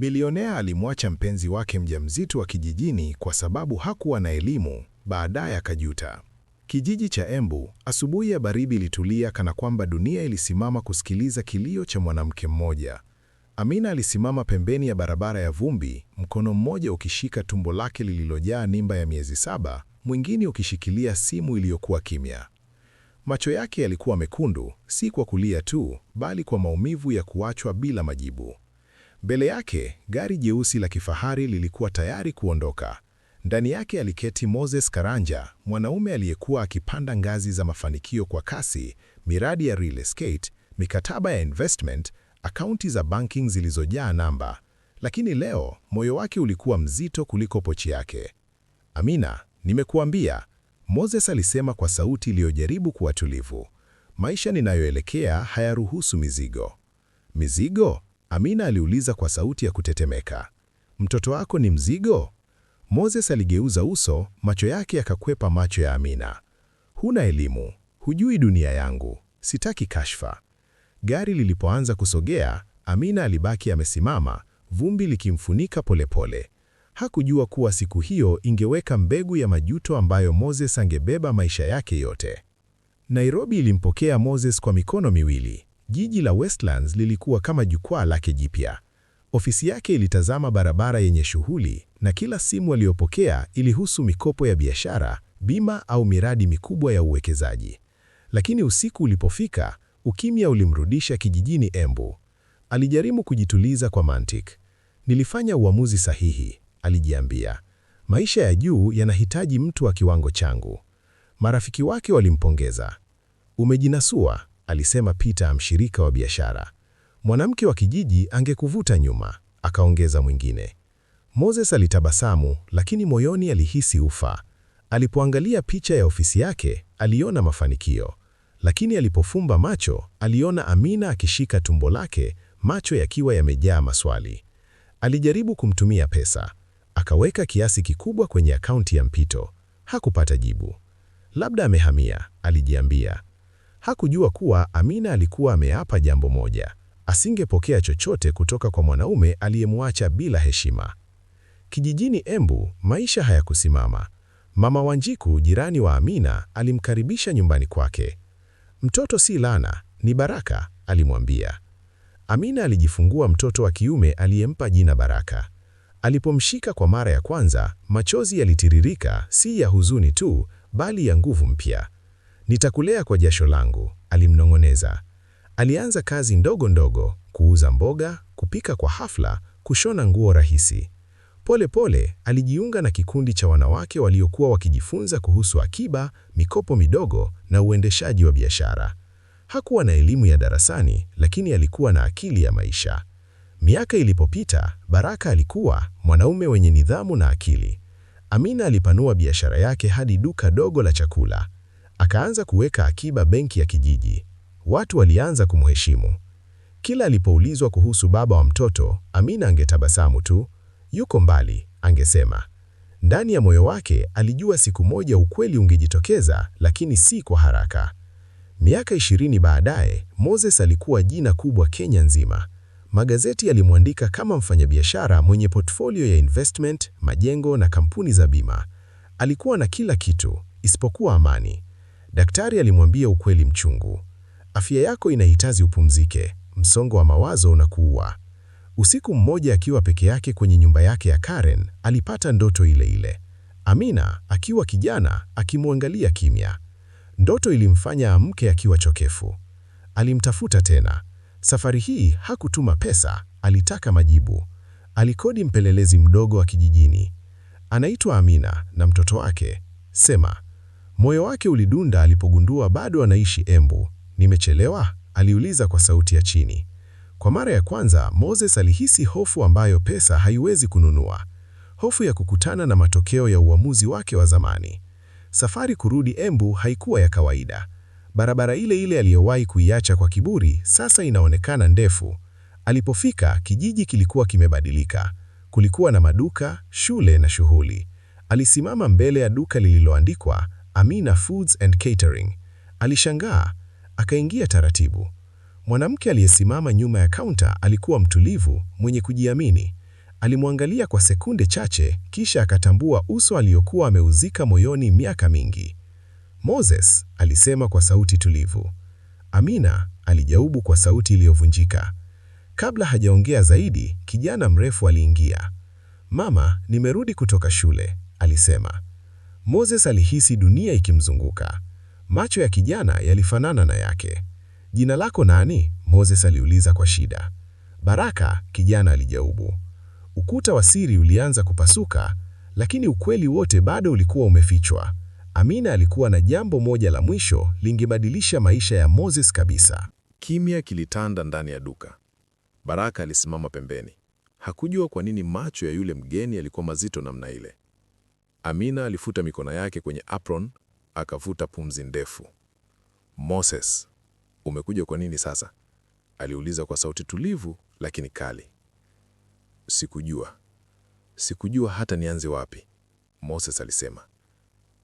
Bilionea alimwacha mpenzi wake mjamzito wa kijijini kwa sababu hakuwa na elimu, baadaye akajuta. Kijiji cha Embu, asubuhi ya baridi ilitulia kana kwamba dunia ilisimama kusikiliza kilio cha mwanamke mmoja. Amina alisimama pembeni ya barabara ya vumbi, mkono mmoja ukishika tumbo lake lililojaa mimba ya miezi saba, mwingine ukishikilia simu iliyokuwa kimya. Macho yake yalikuwa mekundu, si kwa kulia tu, bali kwa maumivu ya kuachwa bila majibu. Mbele yake gari jeusi la kifahari lilikuwa tayari kuondoka. Ndani yake aliketi Moses Karanja, mwanaume aliyekuwa akipanda ngazi za mafanikio kwa kasi, miradi ya real estate, mikataba ya investment, akaunti za banking zilizojaa namba. Lakini leo moyo wake ulikuwa mzito kuliko pochi yake. Amina, nimekuambia, Moses alisema kwa sauti iliyojaribu kuwa tulivu. Maisha ninayoelekea hayaruhusu mizigo. Mizigo? Amina aliuliza kwa sauti ya kutetemeka. Mtoto wako ni mzigo? Moses aligeuza uso, macho yake yakakwepa macho ya Amina. Huna elimu, hujui dunia yangu, sitaki kashfa. Gari lilipoanza kusogea, Amina alibaki amesimama, vumbi likimfunika polepole. Hakujua kuwa siku hiyo ingeweka mbegu ya majuto ambayo Moses angebeba maisha yake yote. Nairobi ilimpokea Moses kwa mikono miwili. Jiji la Westlands lilikuwa kama jukwaa lake jipya. Ofisi yake ilitazama barabara yenye shughuli na kila simu aliyopokea ilihusu mikopo ya biashara, bima au miradi mikubwa ya uwekezaji. Lakini usiku ulipofika, ukimya ulimrudisha kijijini Embu. Alijaribu kujituliza kwa mantiki. Nilifanya uamuzi sahihi, alijiambia. Maisha ya juu yanahitaji mtu wa kiwango changu. Marafiki wake walimpongeza. Umejinasua, alisema Peter, mshirika wa biashara. Mwanamke wa kijiji angekuvuta nyuma, akaongeza mwingine. Moses alitabasamu, lakini moyoni alihisi ufa. Alipoangalia picha ya ofisi yake, aliona mafanikio, lakini alipofumba macho, aliona Amina akishika tumbo lake, macho yakiwa yamejaa maswali. Alijaribu kumtumia pesa, akaweka kiasi kikubwa kwenye akaunti ya mpito. Hakupata jibu. Labda amehamia, alijiambia. Hakujua kuwa Amina alikuwa ameapa jambo moja: asingepokea chochote kutoka kwa mwanaume aliyemwacha bila heshima. Kijijini Embu maisha hayakusimama. Mama Wanjiku, jirani wa Amina, alimkaribisha nyumbani kwake. Mtoto si laana, ni baraka, alimwambia. Amina alijifungua mtoto wa kiume aliyempa jina Baraka. Alipomshika kwa mara ya kwanza, machozi yalitiririka, si ya huzuni tu, bali ya nguvu mpya. Nitakulea kwa jasho langu, alimnong'oneza. Alianza kazi ndogo ndogo, kuuza mboga, kupika kwa hafla, kushona nguo rahisi. Pole pole alijiunga na kikundi cha wanawake waliokuwa wakijifunza kuhusu akiba, mikopo midogo na uendeshaji wa biashara. Hakuwa na elimu ya darasani, lakini alikuwa na akili ya maisha. Miaka ilipopita, Baraka alikuwa mwanaume wenye nidhamu na akili. Amina alipanua biashara yake hadi duka dogo la chakula. Akaanza kuweka akiba benki ya kijiji. Watu walianza kumheshimu. Kila alipoulizwa kuhusu baba wa mtoto, Amina angetabasamu tu. Yuko mbali, angesema. Ndani ya moyo wake alijua siku moja ukweli ungejitokeza, lakini si kwa haraka. Miaka ishirini baadaye, Moses alikuwa jina kubwa Kenya nzima. Magazeti yalimwandika kama mfanyabiashara mwenye portfolio ya investment, majengo na kampuni za bima. Alikuwa na kila kitu isipokuwa amani. Daktari alimwambia ukweli mchungu. Afya yako inahitaji upumzike, msongo wa mawazo unakuua. Usiku mmoja akiwa peke yake kwenye nyumba yake ya Karen, alipata ndoto ile ile. Amina akiwa kijana akimwangalia kimya. Ndoto ilimfanya amke akiwa chokefu. Alimtafuta tena. Safari hii hakutuma pesa, alitaka majibu. Alikodi mpelelezi mdogo wa kijijini. Anaitwa Amina na mtoto wake. Sema, Moyo wake ulidunda alipogundua bado anaishi Embu. Nimechelewa? aliuliza kwa sauti ya chini. Kwa mara ya kwanza Moses alihisi hofu ambayo pesa haiwezi kununua, hofu ya kukutana na matokeo ya uamuzi wake wa zamani. Safari kurudi Embu haikuwa ya kawaida. Barabara ile ile aliyowahi kuiacha kwa kiburi sasa inaonekana ndefu. Alipofika, kijiji kilikuwa kimebadilika. Kulikuwa na maduka, shule na shughuli. Alisimama mbele ya duka lililoandikwa Amina Foods and Catering. Alishangaa, akaingia taratibu. Mwanamke aliyesimama nyuma ya kaunta alikuwa mtulivu, mwenye kujiamini. Alimwangalia kwa sekunde chache, kisha akatambua uso aliokuwa ameuzika moyoni miaka mingi. Moses, alisema kwa sauti tulivu. Amina alijaubu kwa sauti iliyovunjika. Kabla hajaongea zaidi, kijana mrefu aliingia. Mama, nimerudi kutoka shule, alisema. Moses alihisi dunia ikimzunguka. Macho ya kijana yalifanana na yake. Jina lako nani? Moses aliuliza kwa shida. Baraka, kijana alijaubu Ukuta wa siri ulianza kupasuka, lakini ukweli wote bado ulikuwa umefichwa. Amina alikuwa na jambo moja la mwisho lingebadilisha maisha ya Moses kabisa. Kimya kilitanda ndani ya duka. Baraka alisimama pembeni. Hakujua kwa nini macho ya yule mgeni yalikuwa mazito namna ile. Amina alifuta mikono yake kwenye apron, akavuta pumzi ndefu. Moses, umekuja kwa nini sasa? aliuliza kwa sauti tulivu lakini kali. Sikujua, sikujua hata nianze wapi, Moses alisema.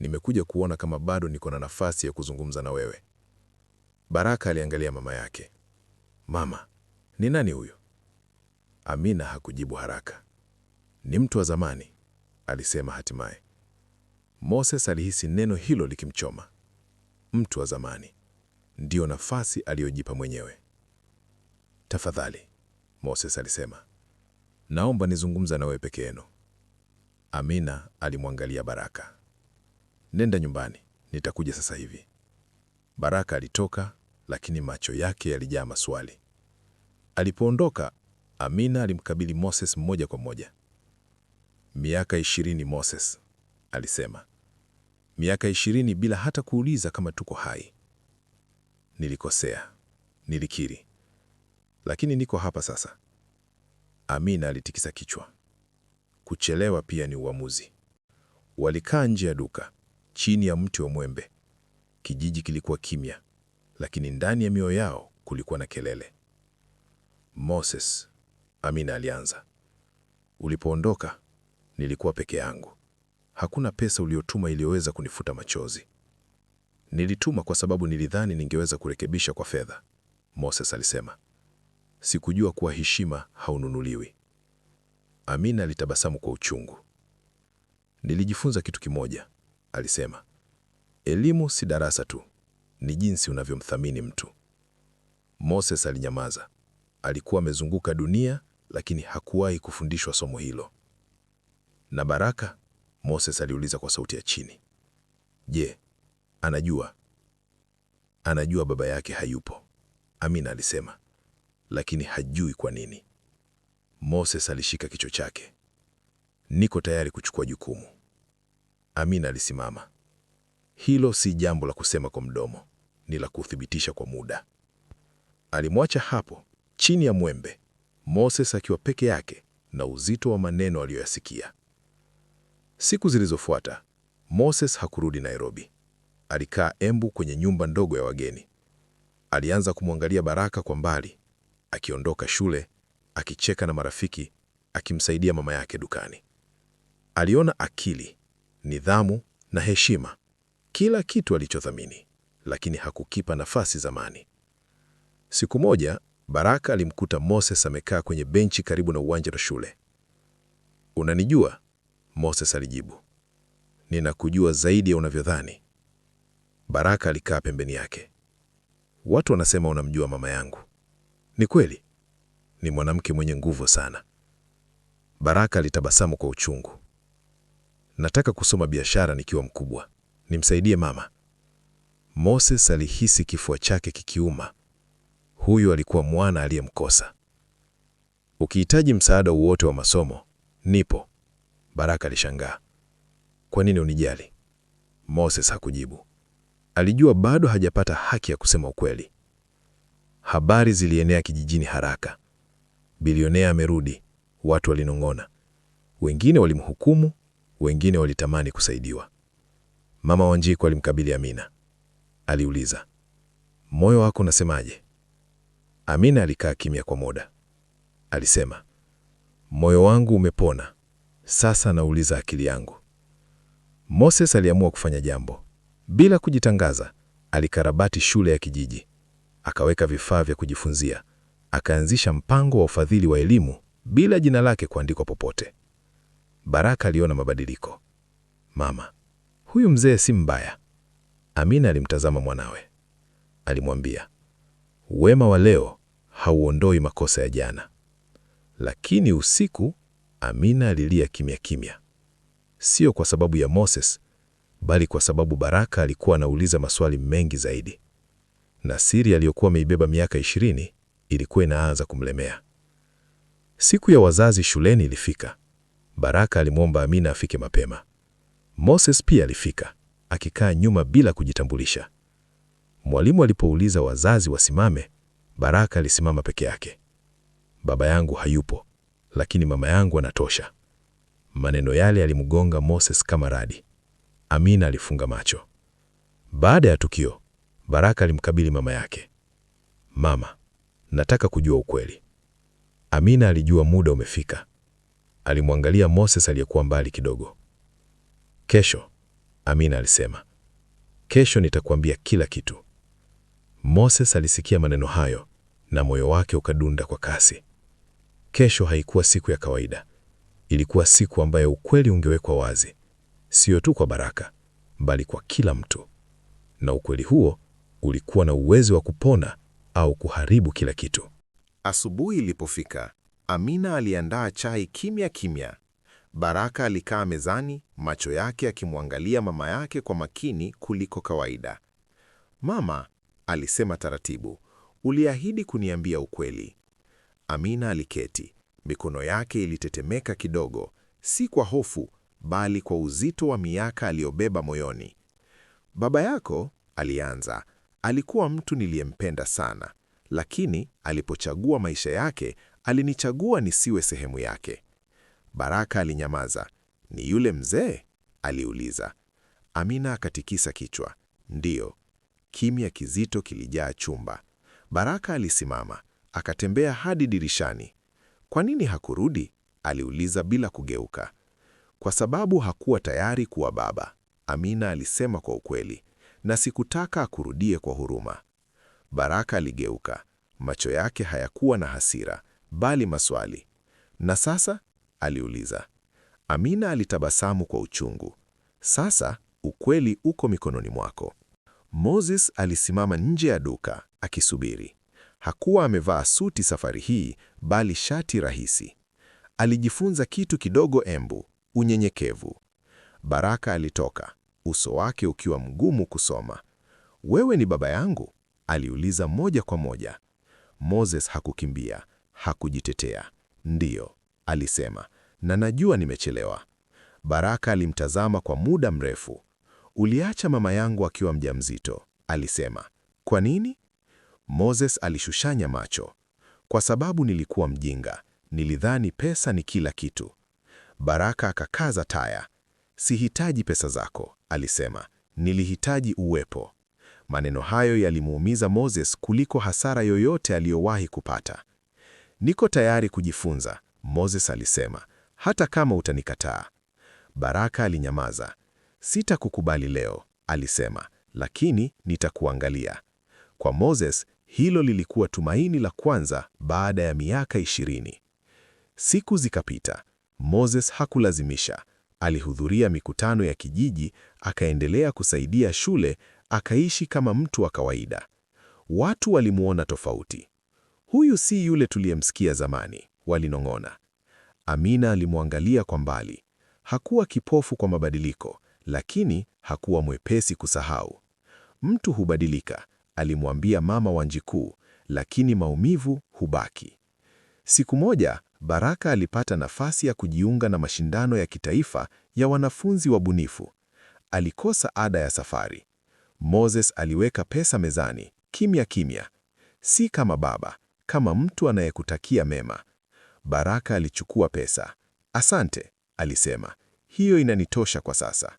Nimekuja kuona kama bado niko na nafasi ya kuzungumza na wewe. Baraka aliangalia mama yake. Mama, ni nani huyo? Amina hakujibu haraka. Ni mtu wa zamani, alisema hatimaye. Moses alihisi neno hilo likimchoma. Mtu wa zamani, ndiyo nafasi aliyojipa mwenyewe. Tafadhali, Moses alisema, naomba nizungumza nawe peke yenu. Amina alimwangalia Baraka. Nenda nyumbani, nitakuja sasa hivi. Baraka alitoka, lakini macho yake yalijaa maswali. Alipoondoka, Amina alimkabili Moses moja kwa moja. Miaka ishirini, Moses alisema miaka ishirini bila hata kuuliza kama tuko hai. Nilikosea, nilikiri, lakini niko hapa sasa. Amina alitikisa kichwa. Kuchelewa pia ni uamuzi. Walikaa nje ya duka chini ya mti wa mwembe. Kijiji kilikuwa kimya, lakini ndani ya mioyo yao kulikuwa na kelele. Moses, Amina alianza, ulipoondoka nilikuwa peke yangu hakuna pesa uliotuma iliyoweza kunifuta machozi. Nilituma kwa sababu nilidhani ningeweza kurekebisha kwa fedha, Moses alisema. Sikujua kuwa heshima haununuliwi. Amina alitabasamu kwa uchungu. Nilijifunza kitu kimoja, alisema. Elimu si darasa tu, ni jinsi unavyomthamini mtu. Moses alinyamaza. Alikuwa amezunguka dunia, lakini hakuwahi kufundishwa somo hilo. Na Baraka Moses aliuliza kwa sauti ya chini. Je, anajua? Anajua baba yake hayupo, Amina alisema, lakini hajui kwa nini. Moses alishika kichwa chake. Niko tayari kuchukua jukumu. Amina alisimama. Hilo si jambo la kusema kwa mdomo, ni la kuthibitisha kwa muda. Alimwacha hapo chini ya mwembe, Moses akiwa peke yake na uzito wa maneno aliyoyasikia. Siku zilizofuata Moses hakurudi Nairobi. Alikaa Embu kwenye nyumba ndogo ya wageni. Alianza kumwangalia Baraka kwa mbali, akiondoka shule, akicheka na marafiki, akimsaidia mama yake dukani. Aliona akili, nidhamu na heshima, kila kitu alichothamini, lakini hakukipa nafasi zamani. Siku moja Baraka alimkuta Moses amekaa kwenye benchi karibu na uwanja wa shule. Unanijua? Moses alijibu, ninakujua zaidi ya unavyodhani. Baraka alikaa pembeni yake. Watu wanasema unamjua mama yangu. Ni kweli, ni mwanamke mwenye nguvu sana. Baraka alitabasamu kwa uchungu. Nataka kusoma biashara nikiwa mkubwa, nimsaidie mama. Moses alihisi kifua chake kikiuma. Huyu alikuwa mwana aliyemkosa. Ukihitaji msaada wowote wa masomo, nipo. Baraka alishangaa. Kwa nini unijali? Moses hakujibu. Alijua bado hajapata haki ya kusema ukweli. Habari zilienea kijijini haraka. Bilionea amerudi, watu walinong'ona. Wengine walimhukumu, wengine walitamani kusaidiwa. Mama Wanjiku alimkabili Amina. Aliuliza, moyo wako unasemaje? Amina alikaa kimya kwa muda. Alisema, moyo wangu umepona, sasa nauliza akili yangu. Moses aliamua kufanya jambo bila kujitangaza. Alikarabati shule ya kijiji, akaweka vifaa vya kujifunzia, akaanzisha mpango wa ufadhili wa elimu bila jina lake kuandikwa popote. Baraka aliona mabadiliko. Mama, huyu mzee si mbaya. Amina alimtazama mwanawe, alimwambia, wema wa leo hauondoi makosa ya jana. Lakini usiku Amina alilia kimya kimya, sio kwa sababu ya Moses, bali kwa sababu Baraka alikuwa anauliza maswali mengi zaidi, na siri aliyokuwa ameibeba miaka ishirini ilikuwa inaanza kumlemea. Siku ya wazazi shuleni ilifika. Baraka alimwomba Amina afike mapema. Moses pia alifika, akikaa nyuma bila kujitambulisha. Mwalimu alipouliza wazazi wasimame, Baraka alisimama peke yake. Baba yangu hayupo, lakini mama yangu anatosha. Maneno yale yalimgonga Moses kama radi. Amina alifunga macho. Baada ya tukio, Baraka alimkabili mama yake. Mama, nataka kujua ukweli. Amina alijua muda umefika. Alimwangalia Moses aliyekuwa mbali kidogo. Kesho, Amina alisema, kesho nitakuambia kila kitu. Moses alisikia maneno hayo na moyo wake ukadunda kwa kasi. Kesho haikuwa siku ya kawaida. Ilikuwa siku ambayo ukweli ungewekwa wazi, sio tu kwa Baraka, bali kwa kila mtu. Na ukweli huo ulikuwa na uwezo wa kupona au kuharibu kila kitu. Asubuhi ilipofika, Amina aliandaa chai kimya kimya. Baraka alikaa mezani, macho yake akimwangalia mama yake kwa makini kuliko kawaida. Mama, alisema taratibu, uliahidi kuniambia ukweli. Amina aliketi, mikono yake ilitetemeka kidogo, si kwa hofu, bali kwa uzito wa miaka aliyobeba moyoni. Baba yako, alianza, alikuwa mtu niliyempenda sana, lakini alipochagua maisha yake, alinichagua nisiwe sehemu yake. Baraka alinyamaza. Ni yule mzee? aliuliza. Amina akatikisa kichwa. Ndiyo. Kimya kizito kilijaa chumba. Baraka alisimama. Akatembea hadi dirishani. Kwa nini hakurudi? aliuliza bila kugeuka. Kwa sababu hakuwa tayari kuwa baba, Amina alisema kwa ukweli, na sikutaka akurudie kwa huruma. Baraka aligeuka, macho yake hayakuwa na hasira bali maswali. Na sasa? aliuliza. Amina alitabasamu kwa uchungu. Sasa ukweli uko mikononi mwako. Moses alisimama nje ya duka akisubiri. Hakuwa amevaa suti safari hii, bali shati rahisi. Alijifunza kitu kidogo, embu unyenyekevu. Baraka alitoka, uso wake ukiwa mgumu kusoma. Wewe ni baba yangu? aliuliza moja kwa moja. Moses hakukimbia, hakujitetea. Ndiyo, alisema, na najua nimechelewa. Baraka alimtazama kwa muda mrefu. Uliacha mama yangu akiwa mjamzito, alisema. Kwa nini? Moses alishushanya macho. Kwa sababu nilikuwa mjinga, nilidhani pesa ni kila kitu. Baraka akakaza taya. Sihitaji pesa zako, alisema. Nilihitaji uwepo. Maneno hayo yalimuumiza Moses kuliko hasara yoyote aliyowahi kupata. Niko tayari kujifunza, Moses alisema, hata kama utanikataa. Baraka alinyamaza. Sitakukubali leo, alisema, lakini nitakuangalia. Kwa Moses, hilo lilikuwa tumaini la kwanza baada ya miaka ishirini. Siku zikapita. Moses hakulazimisha. Alihudhuria mikutano ya kijiji, akaendelea kusaidia shule, akaishi kama mtu wa kawaida. Watu walimwona tofauti. Huyu si yule tuliyemsikia zamani, walinong'ona. Amina alimwangalia kwa mbali. Hakuwa kipofu kwa mabadiliko, lakini hakuwa mwepesi kusahau. Mtu hubadilika, alimwambia mama Wanjiku, lakini maumivu hubaki. Siku moja Baraka alipata nafasi ya kujiunga na mashindano ya kitaifa ya wanafunzi wabunifu. Alikosa ada ya safari. Moses aliweka pesa mezani kimya kimya, si kama baba, kama mtu anayekutakia mema. Baraka alichukua pesa. Asante, alisema, hiyo inanitosha kwa sasa.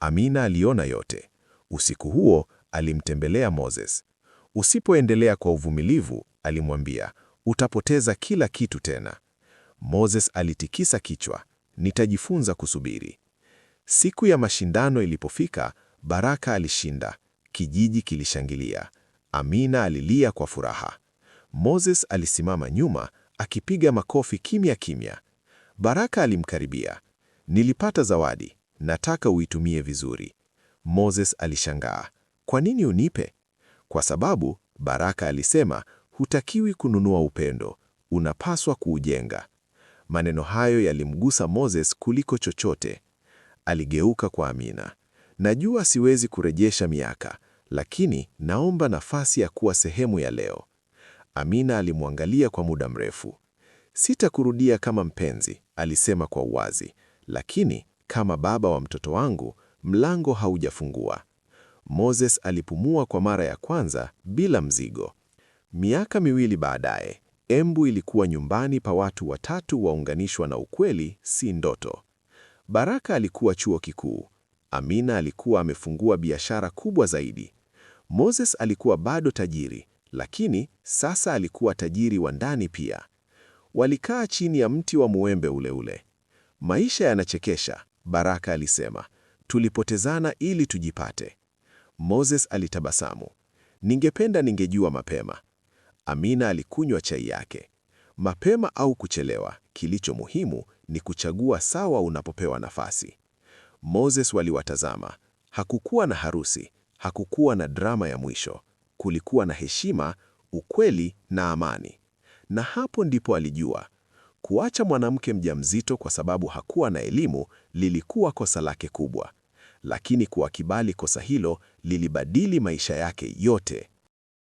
Amina aliona yote. Usiku huo alimtembelea Moses. Usipoendelea kwa uvumilivu, alimwambia, utapoteza kila kitu tena. Moses alitikisa kichwa, nitajifunza kusubiri. Siku ya mashindano ilipofika, Baraka alishinda. Kijiji kilishangilia. Amina alilia kwa furaha. Moses alisimama nyuma akipiga makofi kimya kimya. Baraka alimkaribia. Nilipata zawadi, nataka uitumie vizuri. Moses alishangaa. Kwa nini unipe? Kwa sababu Baraka alisema hutakiwi kununua upendo, unapaswa kuujenga. Maneno hayo yalimgusa Moses kuliko chochote. Aligeuka kwa Amina. Najua siwezi kurejesha miaka, lakini naomba nafasi ya kuwa sehemu ya leo. Amina alimwangalia kwa muda mrefu. Sitakurudia kama mpenzi, alisema kwa uwazi, lakini kama baba wa mtoto wangu, mlango haujafungua. Moses alipumua kwa mara ya kwanza bila mzigo. Miaka miwili baadaye, Embu ilikuwa nyumbani pa watu watatu waunganishwa na ukweli, si ndoto. Baraka alikuwa chuo kikuu. Amina alikuwa amefungua biashara kubwa zaidi. Moses alikuwa bado tajiri, lakini sasa alikuwa tajiri wa ndani pia. Walikaa chini ya mti wa muembe ule ule. Maisha yanachekesha, Baraka alisema. Tulipotezana ili tujipate. Moses alitabasamu. Ningependa ningejua mapema. Amina alikunywa chai yake. Mapema au kuchelewa, kilicho muhimu ni kuchagua sawa unapopewa nafasi. Moses waliwatazama. Hakukuwa na harusi, hakukuwa na drama ya mwisho. Kulikuwa na heshima, ukweli na amani. Na hapo ndipo alijua kuacha mwanamke mjamzito kwa sababu hakuwa na elimu lilikuwa kosa lake kubwa lakini kuwakibali kosa hilo lilibadili maisha yake yote.